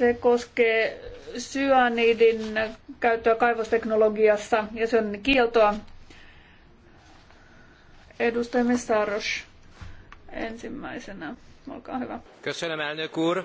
Se koskee syanidin käyttöä kaivosteknologiassa ja sen kieltoa. Edustaja Messaros ensimmäisenä. Olkaa hyvä. Köszönöm, elnök úr.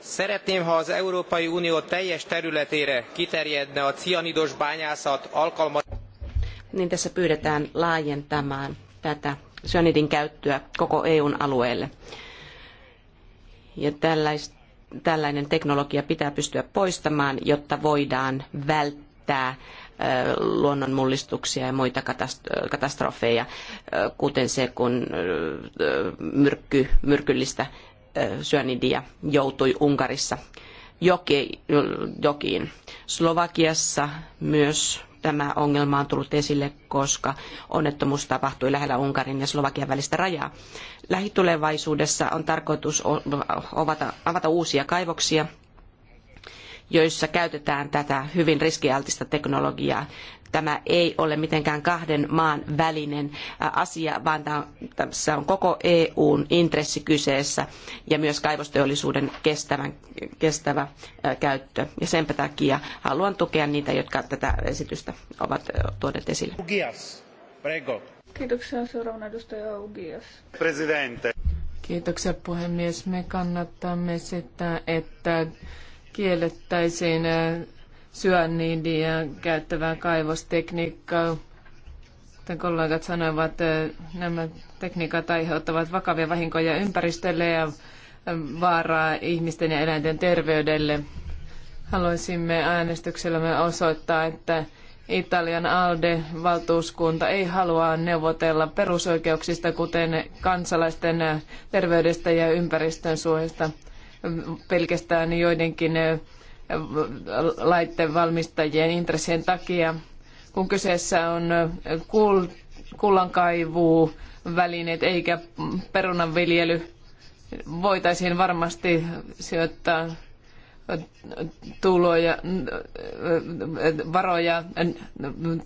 Szeretném, ha az Európai Unió teljes területére kiterjedne a cianidos bányászat alkalma... Niin tässä pyydetään laajentamaan tätä syanidin käyttöä koko EUn alueelle. Ja tällaista tällainen teknologia pitää pystyä poistamaan, jotta voidaan välttää luonnonmullistuksia ja muita katastrofeja, kuten se, kun myrkky, myrkyllistä syönidia joutui Unkarissa jokiin. Slovakiassa myös tämä ongelma on tullut esille, koska onnettomuus tapahtui lähellä Unkarin ja Slovakian välistä rajaa. Lähitulevaisuudessa on tarkoitus avata uusia kaivoksia, joissa käytetään tätä hyvin riskialtista teknologiaa Tämä ei ole mitenkään kahden maan välinen asia, vaan tässä on koko EUn intressi kyseessä ja myös kaivosteollisuuden kestävän, kestävä käyttö. Ja sen takia haluan tukea niitä, jotka tätä esitystä ovat tuoneet esille. Ugias, prego. Kiitoksia. Seuraavana edustaja Ugias. Presidente. Kiitoksia puhemies. Me kannattamme sitä, että kiellettäisiin syönniidiä käyttävää kaivostekniikkaa. Kuten kollegat sanoivat, nämä tekniikat aiheuttavat vakavia vahinkoja ympäristölle ja vaaraa ihmisten ja eläinten terveydelle. Haluaisimme äänestyksellämme osoittaa, että Italian ALDE-valtuuskunta ei halua neuvotella perusoikeuksista, kuten kansalaisten terveydestä ja ympäristön suojasta pelkästään joidenkin laittevalmistajien intressien takia. Kun kyseessä on kullankaivuu, välineet eikä perunanviljely, voitaisiin varmasti sijoittaa tuloja, varoja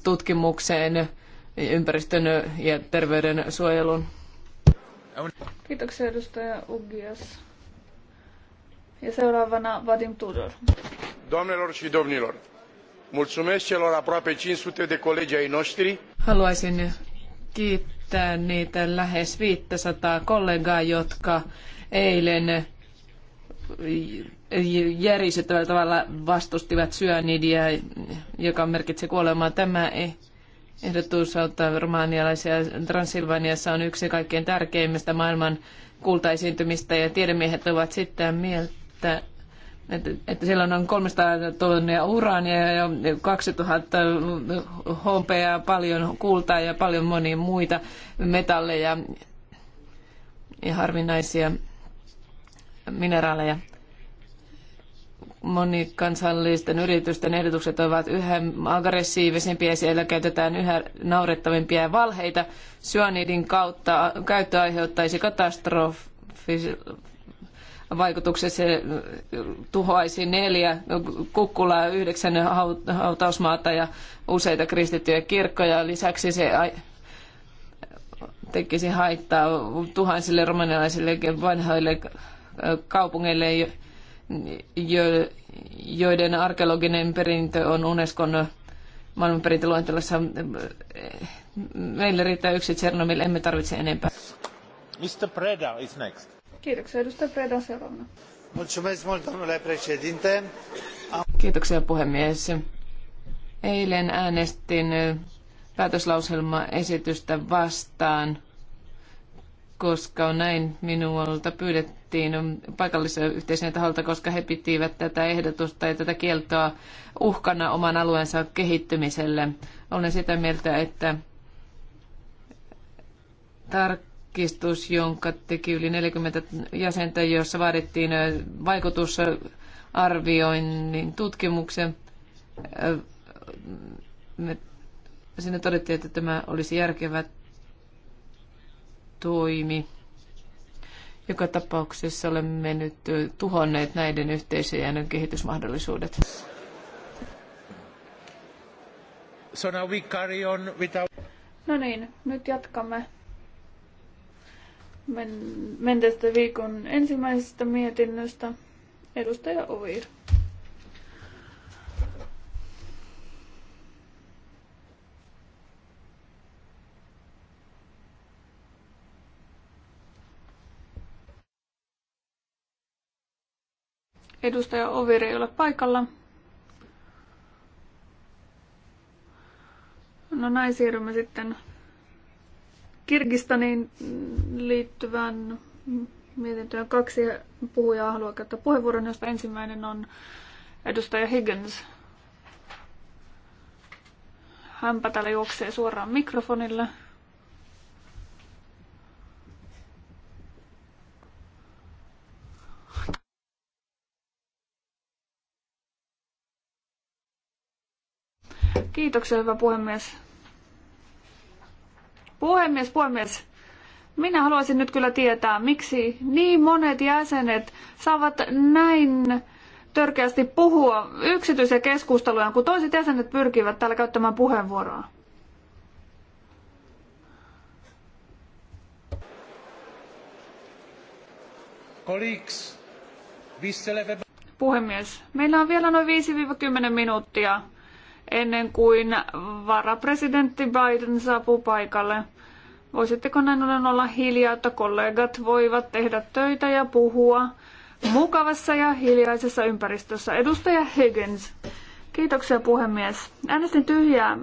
tutkimukseen, ympäristön ja terveydensuojeluun. Kiitoksia edustaja Ugias. Ja seuraavana Vadim Tudor. Doamnelor și domnilor, mulțumesc celor aproape 500 de colegi ai noștri. Haluaisin kiittää niitä lähes 500 kollegaa, jotka eilen järisyttävällä tavalla vastustivat syönidia, joka merkitsi kuolemaa. Tämä ehdotus auttaa romanialaisia. Transilvaniassa on yksi kaikkein tärkeimmistä maailman kultaesiintymistä ja tiedemiehet ovat sitä mieltä, että, että, että siellä on noin 300 tonnia uraania ja 2000 hopeaa, paljon kultaa ja paljon monia muita metalleja ja harvinaisia mineraaleja monikansallisten yritysten ehdotukset ovat yhä aggressiivisempia ja siellä käytetään yhä naurettavimpia valheita. syöniidin kautta käyttö aiheuttaisi katastrofi, vaikutuksen se tuhoaisi neljä kukkulaa, yhdeksän hautausmaata ja useita kristittyjä kirkkoja. Lisäksi se tekisi haittaa tuhansille romanialaisille vanhoille kaupungeille, joiden arkeologinen perintö on Unescon maailmanperintöluentelossa. meille riittää yksi Tsernomil, emme tarvitse enempää. Mr. Preda is next. Kiitoksia. Edustaja Preda seuraavana. Kiitoksia puhemies. Eilen äänestin päätöslauselmaesitystä vastaan, koska näin minulta pyydettiin paikallisyhteisön taholta, koska he pitivät tätä ehdotusta ja tätä kieltoa uhkana oman alueensa kehittymiselle. Olen sitä mieltä, että tarkkaan tarkistus, jonka teki yli 40 jäsentä, jossa vaadittiin vaikutusarvioinnin tutkimuksen. Me, siinä todettiin, että tämä olisi järkevä toimi. Joka tapauksessa olemme nyt tuhonneet näiden yhteisöjen kehitysmahdollisuudet. So now we carry on without... No niin, nyt jatkamme men- tästä viikon ensimmäisestä mietinnöstä. Edustaja Ovir Edustaja Ovir ei ole paikalla. No näin siirrymme sitten Kirgistaniin liittyvän mietintöön kaksi puhujaa haluaa käyttää puheenvuoron, josta ensimmäinen on edustaja Higgins. Hänpä täällä juoksee suoraan mikrofonille. Kiitoksia, hyvä puhemies. Puhemies, puhemies. Minä haluaisin nyt kyllä tietää, miksi niin monet jäsenet saavat näin törkeästi puhua yksityisiä keskusteluja, kun toiset jäsenet pyrkivät täällä käyttämään puheenvuoroa. Puhemies, meillä on vielä noin 5-10 minuuttia ennen kuin varapresidentti Biden saapuu paikalle. Voisitteko näin ollen olla hiljaa, että kollegat voivat tehdä töitä ja puhua mukavassa ja hiljaisessa ympäristössä? Edustaja Higgins. Kiitoksia puhemies. Äänestin tyhjää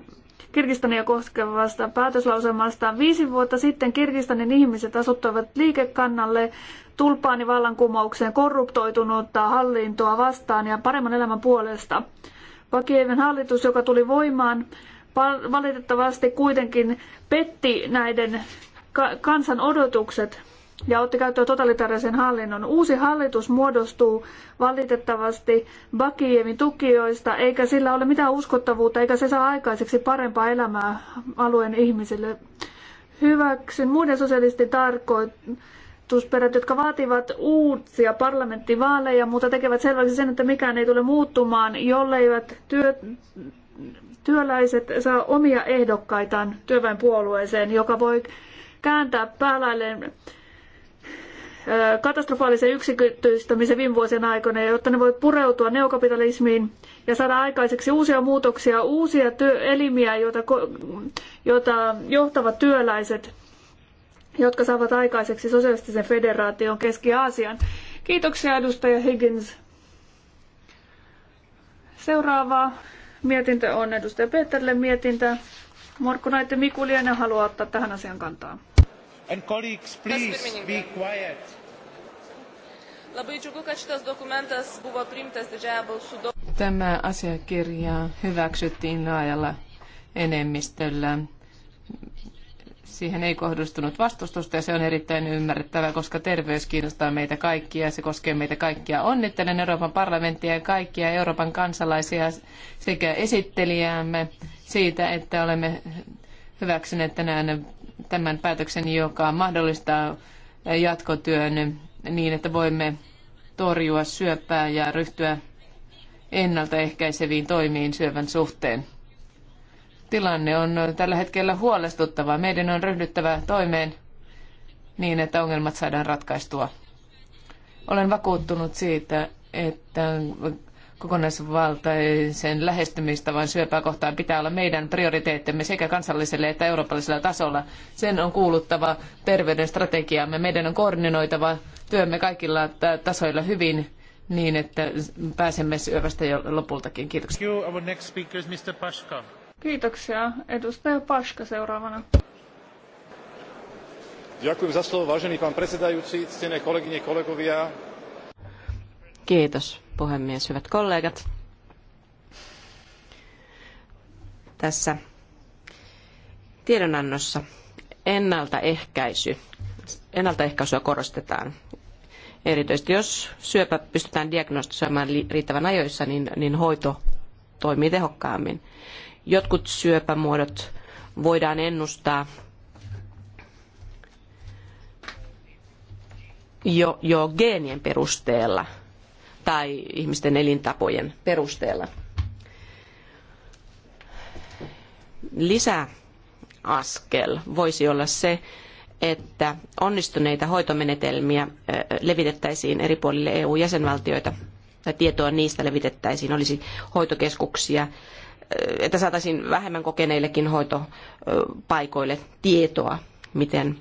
Kirgistania koskevasta päätöslauselmasta. Viisi vuotta sitten Kirgistanin ihmiset asuttoivat liikekannalle tulpaani vallankumoukseen korruptoitunutta hallintoa vastaan ja paremman elämän puolesta. Vakieven hallitus, joka tuli voimaan, valitettavasti kuitenkin petti näiden kansan odotukset ja otti käyttöön totalitaarisen hallinnon. Uusi hallitus muodostuu valitettavasti Bakijevin tukijoista, eikä sillä ole mitään uskottavuutta, eikä se saa aikaiseksi parempaa elämää alueen ihmisille. Hyväksyn muiden sosialistin tarkoitusperät, jotka vaativat uusia parlamenttivaaleja, mutta tekevät selväksi sen, että mikään ei tule muuttumaan, jolleivät työ, työläiset saa omia ehdokkaitaan työväenpuolueeseen, joka voi kääntää päälailleen katastrofaalisen yksityistämisen viime vuosien aikana, jotta ne voivat pureutua neokapitalismiin ja saada aikaiseksi uusia muutoksia, uusia elimiä, joita, joita johtavat työläiset, jotka saavat aikaiseksi sosialistisen federaation Keski-Aasian. Kiitoksia edustaja Higgins. Seuraavaa Mietintö on edustaja Peterille mietintö. Morkku Naitte Mikuliainen haluaa ottaa tähän asian kantaa. And colleagues, please be quiet. Tämä asiakirja hyväksyttiin laajalla enemmistöllä siihen ei kohdistunut vastustusta ja se on erittäin ymmärrettävää, koska terveys kiinnostaa meitä kaikkia ja se koskee meitä kaikkia. Onnittelen Euroopan parlamenttia ja kaikkia Euroopan kansalaisia sekä esittelijäämme siitä, että olemme hyväksyneet tänään tämän päätöksen, joka mahdollistaa jatkotyön niin, että voimme torjua syöpää ja ryhtyä ennaltaehkäiseviin toimiin syövän suhteen. Tilanne on tällä hetkellä huolestuttava. Meidän on ryhdyttävä toimeen niin, että ongelmat saadaan ratkaistua. Olen vakuuttunut siitä, että kokonaisvaltaisen lähestymistavan syöpää kohtaan pitää olla meidän prioriteettimme sekä kansallisella että eurooppalaisella tasolla. Sen on kuuluttava terveyden strategiamme. Meidän on koordinoitava työmme kaikilla tasoilla hyvin niin, että pääsemme syövästä jo lopultakin. Kiitoksia. Kiitoksia. Edustaja Paška seuraavana. Ďakujem za slovo, vážený pán predsedajúci, ctené kolegyne, kolegovia. Kiitos, puhemies, hyvät kollegat. Tässä tiedonannossa ennaltaehkäisy, ennaltaehkäisyä korostetaan. Erityisesti jos syöpä pystytään diagnostisoimaan riittävän ajoissa, niin, niin hoito toimii tehokkaammin. Jotkut syöpämuodot voidaan ennustaa jo, jo geenien perusteella tai ihmisten elintapojen perusteella. Lisäaskel voisi olla se, että onnistuneita hoitomenetelmiä levitettäisiin eri puolille EU-jäsenvaltioita tai tietoa niistä levitettäisiin, olisi hoitokeskuksia että saataisiin vähemmän kokeneillekin hoitopaikoille tietoa, miten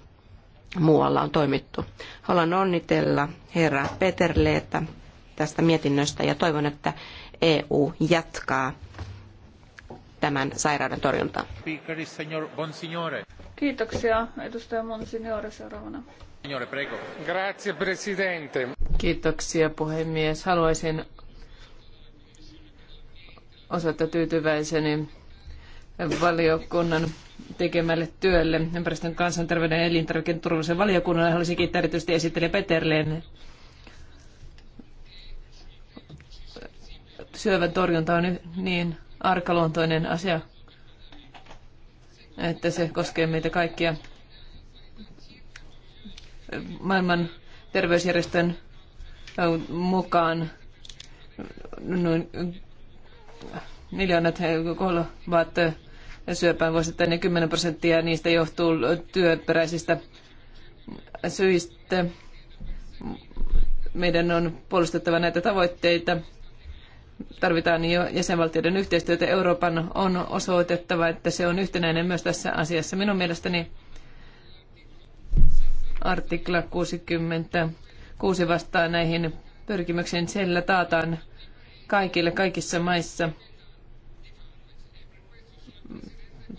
muualla on toimittu. Haluan onnitella herra Peterleetä tästä mietinnöstä ja toivon, että EU jatkaa tämän sairauden torjuntaa. Kiitoksia, edustaja Monsignore seuraavana. Grazie, presidente. Kiitoksia, puhemies. Haluaisin osoittaa tyytyväiseni valiokunnan tekemälle työlle ympäristön kansanterveyden ja elintarviketurvallisen valiokunnalle. Haluaisin kiittää erityisesti esittelijä Peterleen. Syövän torjunta on niin arkaluontoinen asia, että se koskee meitä kaikkia. Maailman terveysjärjestön mukaan noin miljoonat kuolevat eh, syöpään vuosittain ja niin 10 prosenttia niistä johtuu työperäisistä syistä. Meidän on puolustettava näitä tavoitteita. Tarvitaan jo jäsenvaltioiden yhteistyötä. Euroopan on osoitettava, että se on yhtenäinen myös tässä asiassa. Minun mielestäni artikla 66 vastaa näihin pyrkimyksiin. Sillä taataan kaikille kaikissa maissa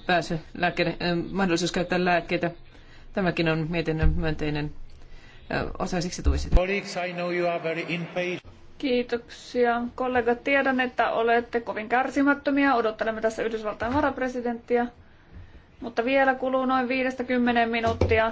pääsy lääkkeiden, mahdollisuus käyttää lääkkeitä. Tämäkin on mietinnön myönteinen osa siksi tuisi. Kiitoksia. Kollegat, tiedän, että olette kovin kärsimättömiä. Odottelemme tässä Yhdysvaltain varapresidenttiä. Mutta vielä kuluu noin 50 minuuttia.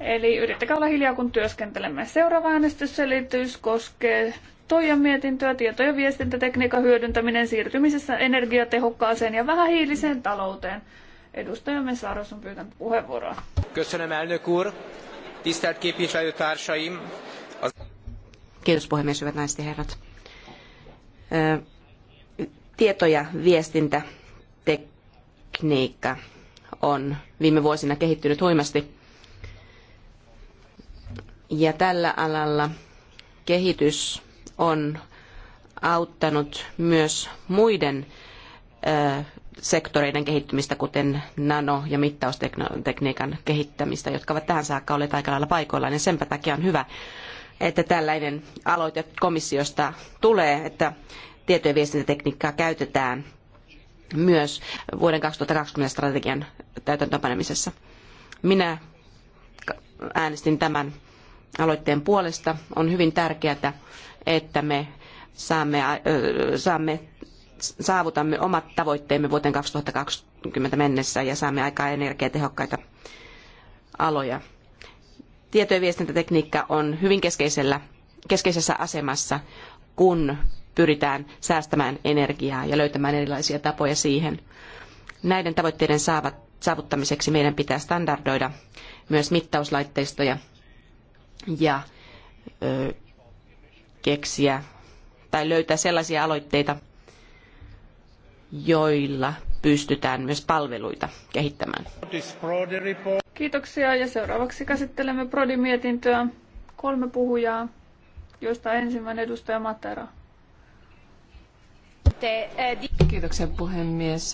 Eli yrittäkää olla hiljaa, kun työskentelemme. Seuraava äänestysselitys koskee Toijan mietintöä tieto- ja viestintätekniikan hyödyntäminen siirtymisessä energiatehokkaaseen ja vähähiiliseen talouteen. Edustaja Messaros on pyytänyt puheenvuoroa. Köszönöm, elnök úr. Tisztelt képviselőtársaim. Kiitos puhemies, hyvät naiset ja herrat. Tieto- ja viestintätekniikka on viime vuosina kehittynyt huimasti ja tällä alalla kehitys on auttanut myös muiden sektoreiden kehittymistä, kuten nano- ja mittaustekniikan kehittämistä, jotka ovat tähän saakka olleet aika lailla paikoillaan. Ja senpä takia on hyvä, että tällainen aloite komissiosta tulee, että tieto- ja viestintätekniikkaa käytetään myös vuoden 2020 strategian täytäntöönpanemisessa. Minä äänestin tämän aloitteen puolesta. On hyvin tärkeää, että me saamme, äh, saamme saavutamme omat tavoitteemme vuoteen 2020 mennessä ja saamme aikaan energiatehokkaita aloja. Tieto- ja viestintätekniikka on hyvin keskeisellä, keskeisessä asemassa, kun pyritään säästämään energiaa ja löytämään erilaisia tapoja siihen. Näiden tavoitteiden saavuttamiseksi meidän pitää standardoida myös mittauslaitteistoja ja ö, keksiä tai löytää sellaisia aloitteita, joilla pystytään myös palveluita kehittämään. Kiitoksia ja seuraavaksi käsittelemme Prodi-mietintöä. Kolme puhujaa, joista ensimmäinen edustaja Matera. Eh, Kiitoksia puhemies.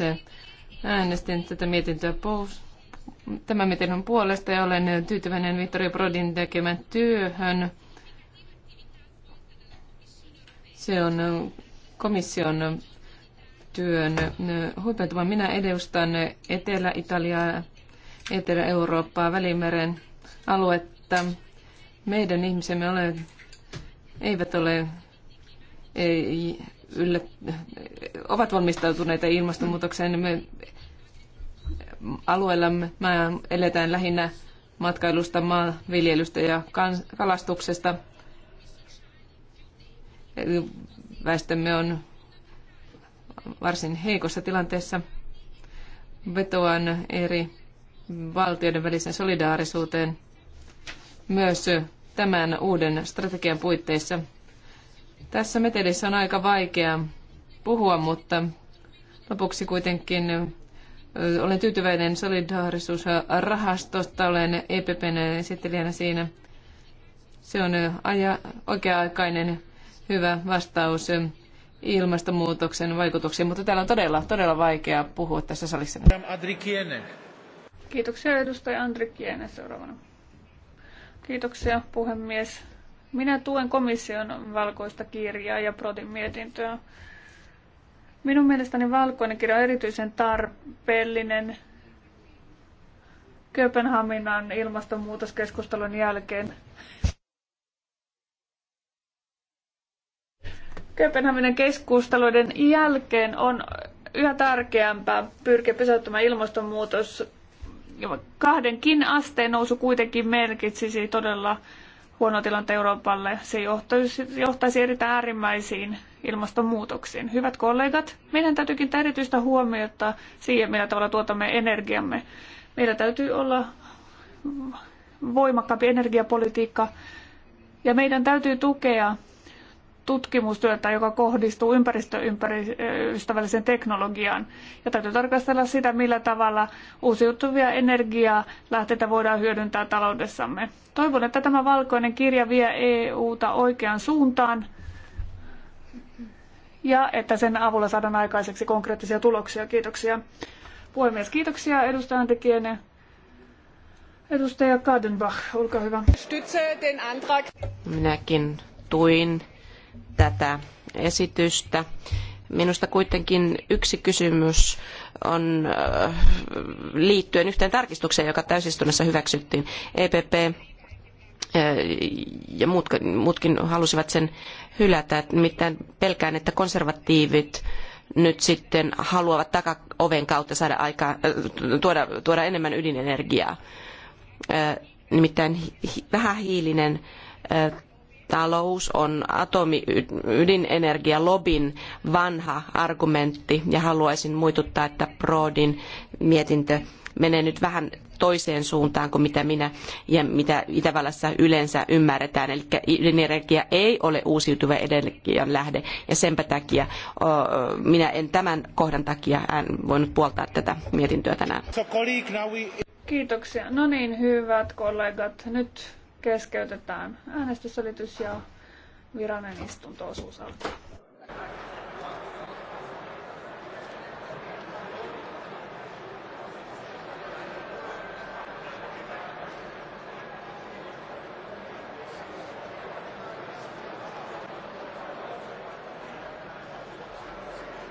Äänestin tätä mietintöä pois Tämä miten on puolesta ja olen tyytyväinen Vittorio Brodin tekemän työhön. Se on komission työn huipentuma. Minä edustan Etelä-Italiaa, Etelä-Eurooppaa, Välimeren aluetta. Meidän ihmisemme ole, eivät ole ei, yllä, ovat valmistautuneita ilmastonmuutokseen. Me alueella mä eletään lähinnä matkailusta, maanviljelystä ja kalastuksesta. Väestömme on varsin heikossa tilanteessa. Vetoan eri valtioiden välisen solidaarisuuteen myös tämän uuden strategian puitteissa. Tässä metelissä on aika vaikea puhua, mutta lopuksi kuitenkin olen tyytyväinen solidaarisuusrahastosta, olen EPPn esittelijänä siinä. Se on aja, oikea-aikainen hyvä vastaus ilmastonmuutoksen vaikutuksiin, mutta täällä on todella, todella vaikea puhua tässä salissa. Kiitoksia edustaja Andri Kiene seuraavana. Kiitoksia puhemies. Minä tuen komission valkoista kirjaa ja Prodin mietintöä. Minun mielestäni valkoinen kirja on erityisen tarpeellinen Kööpenhaminan ilmastonmuutoskeskustelun jälkeen. Kööpenhaminan keskusteluiden jälkeen on yhä tärkeämpää pyrkiä pysäyttämään ilmastonmuutos. Kahdenkin asteen nousu kuitenkin merkitsisi todella huono tilanteen Euroopalle. Se johtaisi, johtaisi erittäin äärimmäisiin ilmastonmuutoksiin. Hyvät kollegat, meidän täytyykin erityistä huomiota siihen, millä tavalla tuotamme energiamme. Meillä täytyy olla voimakkaampi energiapolitiikka ja meidän täytyy tukea tutkimustyötä, joka kohdistuu ympäristöystävälliseen teknologiaan. Ja täytyy tarkastella sitä, millä tavalla uusiutuvia energialähteitä voidaan hyödyntää taloudessamme. Toivon, että tämä valkoinen kirja vie EUta oikeaan suuntaan ja että sen avulla saadaan aikaiseksi konkreettisia tuloksia. Kiitoksia. Puhemies, kiitoksia edustajan tekijänne. Edustaja Kadenbach, olkaa hyvä. Minäkin tuin tätä esitystä. Minusta kuitenkin yksi kysymys on äh, liittyen yhteen tarkistukseen, joka täysistunnossa hyväksyttiin. EPP ja muut, muutkin halusivat sen hylätä. Nimittäin pelkään, että konservatiivit nyt sitten haluavat takaoven kautta saada aikaa, äh, tuoda, tuoda enemmän ydinenergiaa. Äh, nimittäin vähähiilinen äh, talous on atomiydinenergialobin vanha argumentti ja haluaisin muistuttaa, että Prodin mietintö menee nyt vähän toiseen suuntaan kuin mitä minä ja mitä Itävallassa yleensä ymmärretään. Eli ydinenergia ei ole uusiutuva energian lähde ja senpä takia minä en tämän kohdan takia voinut puoltaa tätä mietintöä tänään. Kiitoksia. No niin, hyvät kollegat. Nyt keskeytetään äänestysselitys ja virallinen istunto-osuus alkaa.